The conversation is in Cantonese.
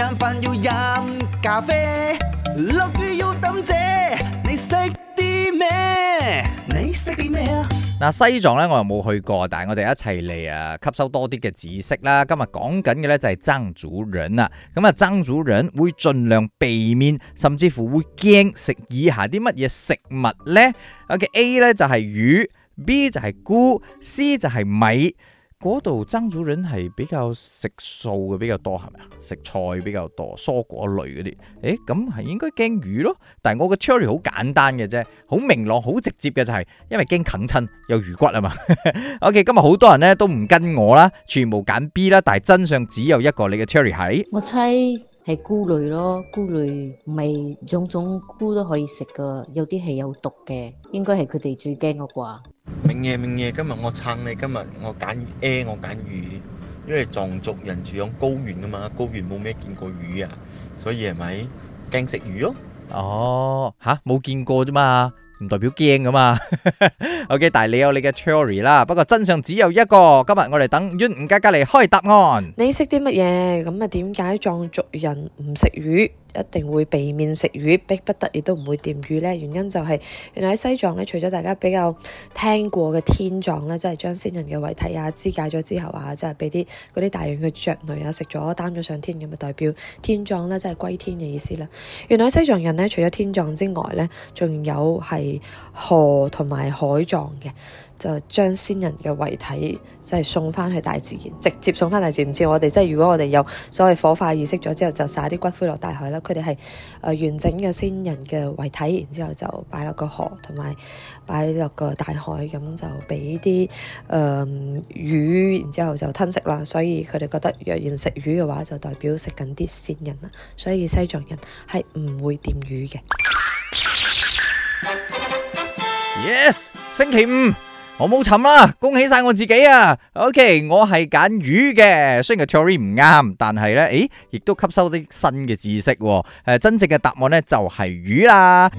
食晏飯要飲咖啡，落雨要等姐。你識啲咩？你識啲咩啊？嗱，西藏咧我又冇去過，但係我哋一齊嚟啊，吸收多啲嘅知識啦。今日講緊嘅咧就係藏族人啦。咁啊，藏族人會盡量避免，甚至乎會驚食以下啲乜嘢食物咧？啊嘅 A 咧就係魚，B 就係菇，C 就係米。嗰度藏族人係比較食素嘅，比較多係咪啊？食菜比較多，蔬果類嗰啲，誒，咁係應該驚魚咯。但係我嘅 theory 好簡單嘅啫，好明朗，好直接嘅就係、是、因為驚啃親有魚骨啊嘛。 OK，今日好多人咧都唔跟我啦，全部揀 B 啦，但係真相只有一個，你嘅 theory 係？我猜。係菇類咯，菇類唔係種種菇都可以食噶，有啲係有毒嘅，應該係佢哋最驚嘅啩。明嘢，明嘢，今日我撐你，今日我揀 A，欸，我揀魚，因為藏族人住響高原啊嘛，高原冇咩見過魚啊，所以係咪驚食魚咯？哦，吓冇見過啫嘛。唔代表驚噶嘛 ，OK，但係你有你嘅 theory 啦，不過真相只有一個。今日我哋等 u n 吳家隔籬開答案你。你識啲乜嘢？咁啊，點解藏族人唔食魚？一定會避免食魚，逼不得已都唔會掂魚呢，原因就係原來喺西藏咧，除咗大家比較聽過嘅天葬呢，即係將先人嘅遺體啊肢解咗之後啊，即係俾啲嗰啲大樣嘅雀類啊食咗，擔咗上天咁啊，就代表天葬呢即係歸天嘅意思啦。原來西藏人呢，除咗天葬之外呢，仲有係河同埋海葬嘅。就將先人嘅遺體即係送返去大自然，直接送返大自然。唔似我哋即係如果我哋有所謂火化儀式咗之後，就撒啲骨灰落大海啦。佢哋係誒完整嘅先人嘅遺體，然之後就擺落個河同埋擺落個大海，咁就畀啲誒魚，然之後就吞食啦。所以佢哋覺得若然食魚嘅話，就代表食緊啲先人啦。所以西藏人係唔會掂魚嘅。Yes，星期五。我冇沉啦，恭喜晒我自己啊！OK，我係揀魚嘅，雖然個 theory 唔啱，但係咧，誒，亦都吸收啲新嘅知識，啊。誒、呃，真正嘅答案咧就係、是、魚啦。